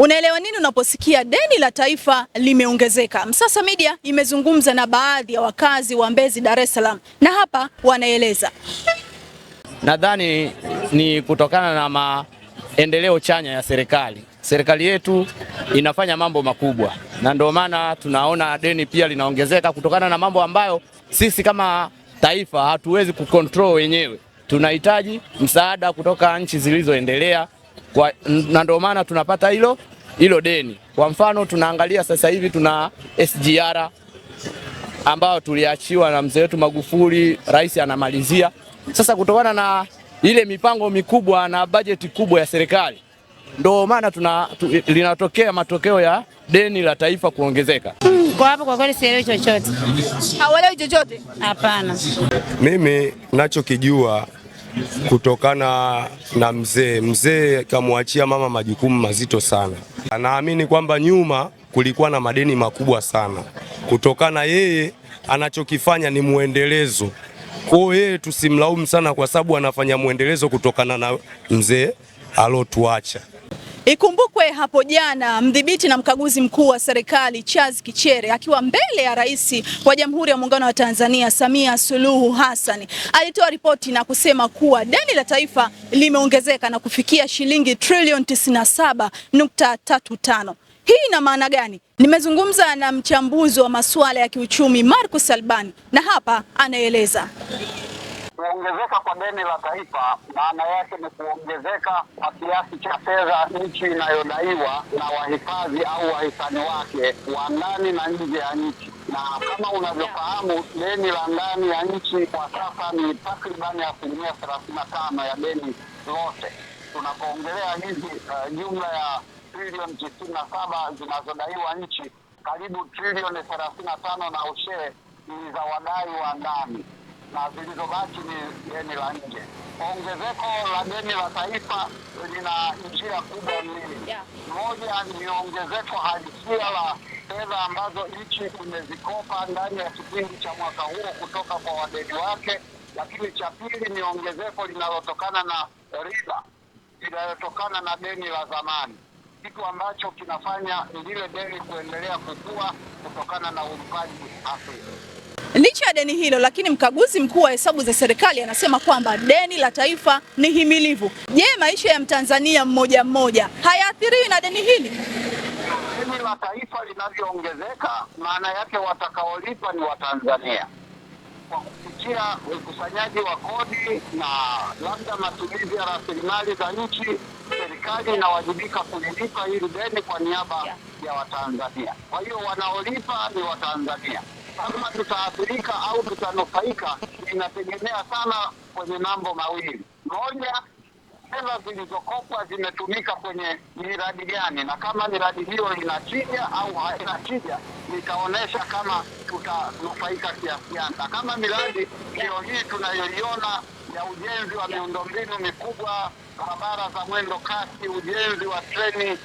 Unaelewa nini unaposikia deni la taifa limeongezeka? Msasa Media imezungumza na baadhi ya wakazi wa Mbezi, Dar es Salaam, na hapa wanaeleza. Nadhani ni kutokana na maendeleo chanya ya serikali. Serikali yetu inafanya mambo makubwa, na ndio maana tunaona deni pia linaongezeka kutokana na mambo ambayo sisi kama taifa hatuwezi kukontrol wenyewe. Tunahitaji msaada kutoka nchi zilizoendelea na ndio maana tunapata hilo hilo deni. Kwa mfano tunaangalia sasa hivi tuna SGR ambayo tuliachiwa na mzee wetu Magufuli, rais anamalizia sasa. Kutokana na ile mipango mikubwa na bajeti kubwa ya serikali, ndo maana tuna tu, linatokea matokeo ya deni la taifa kuongezeka. Mm, kwa hapo kwa kweli sielewi chochote. Hauelewi chochote? Hapana. Mimi nachokijua kutokana na mzee mzee kamwachia mama majukumu mazito sana. Anaamini kwamba nyuma kulikuwa na madeni makubwa sana, kutokana yeye anachokifanya ni mwendelezo. Kwa hiyo yeye tusimlaumu sana, kwa sababu anafanya mwendelezo kutokana na mzee alotuacha. Ikumbukwe hapo jana mdhibiti na mkaguzi mkuu wa serikali Charles Kichere akiwa mbele ya rais wa Jamhuri ya Muungano wa Tanzania Samia Suluhu Hassan alitoa ripoti na kusema kuwa deni la taifa limeongezeka na kufikia shilingi trilioni 97.35. Hii ina maana gani? Nimezungumza na mchambuzi wa masuala ya kiuchumi Marcus Albani na hapa anaeleza kuongezeka kwa deni la taifa maana yake ni kuongezeka kwa kiasi cha fedha nchi inayodaiwa na wahifadhi au wahisani wake wa ndani na nje ya nchi na kama unavyofahamu deni la ndani ya nchi kwa sasa ni takribani asilimia thelathini na tano ya deni lote. Tunapoongelea hizi uh, jumla ya trilioni tisini na saba zinazodaiwa nchi, karibu trilioni thelathini na tano na ushee ni za wadai wa ndani na zilizobaki ni deni la nje. Ongezeko la deni la taifa lina njia kubwa mbili. Moja ni ongezeko halisia la fedha ambazo nchi imezikopa ndani ya kipindi cha mwaka huo kutoka kwa wadeni wake, lakini cha pili ni ongezeko linalotokana na riba inayotokana na deni la zamani, kitu ambacho kinafanya lile deni kuendelea kukua kutokana na ulipaji Afrika. Licha ya deni hilo, lakini mkaguzi mkuu wa hesabu za serikali anasema kwamba deni la taifa ni himilivu. Je, maisha ya Mtanzania mmoja mmoja hayaathiriwi na deni hili? Deni la taifa linavyoongezeka, maana yake watakaolipa ni Watanzania kwa kupitia ukusanyaji wa kodi na labda matumizi ya rasilimali za nchi. Serikali inawajibika kulilipa hili deni kwa niaba ya Watanzania. Kwa hiyo wanaolipa ni Watanzania kama tutaathirika au tutanufaika inategemea sana kwenye mambo mawili. Moja, fedha zilizokopwa zimetumika kwenye miradi gani, na kama miradi hiyo ina tija au haina tija, nitaonyesha kama tutanufaika kiasi gani. Na kama miradi hiyo hii tunayoiona ya ujenzi wa miundombinu mikubwa, barabara za mwendo kasi, ujenzi wa treni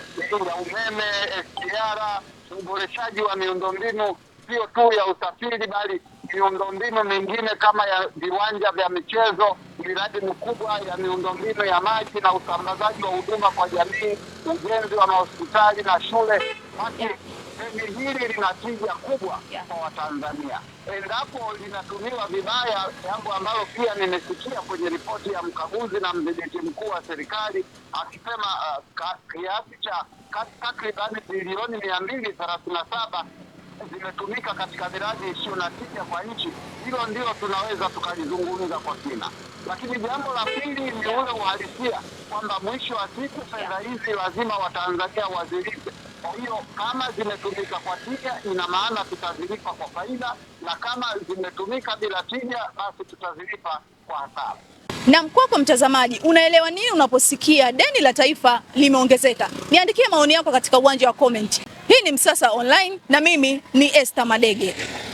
ya umeme, SGR, uboreshaji wa miundombinu sio tu ya usafiri, bali miundombinu mingine kama ya viwanja vya michezo, miradi mikubwa ya miundombinu ya maji na usambazaji wa huduma kwa jamii, ujenzi wa mahospitali na shule. Basi deni hili lina tija kubwa kwa Watanzania endapo linatumiwa vibaya, jambo ambalo pia nimesikia kwenye ripoti ya mkaguzi na mdhibiti mkuu wa serikali akisema uh, kiasi cha takribani bilioni mia mbili thelathini na saba zimetumika katika miradi isiyo na tija kwa nchi, hilo ndilo tunaweza tukalizungumza kwa kina. Lakini jambo la pili ni ule uhalisia kwamba mwisho wa siku fedha hizi lazima Watanzania wazilipe. Kwa hiyo kama zimetumika kwa tija, ina maana tutazilipa kwa faida, na kama zimetumika bila tija, basi tutazilipa kwa hasara. Na mkwako mtazamaji, unaelewa nini unaposikia deni la taifa limeongezeka? Niandikie maoni yako katika uwanja wa comment ni Msasa Online na mimi ni Esther Madege.